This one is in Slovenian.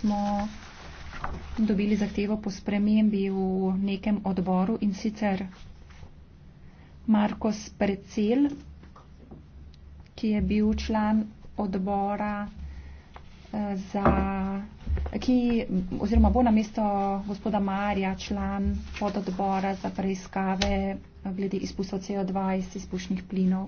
smo dobili zahtevo po spremembi v nekem odboru in sicer Marko Sprecel, ki je bil član odbora eh, za, ki, oziroma bo na mesto gospoda Marja član pododbora za preiskave glede izpustov CO2 iz izpušnih plinov.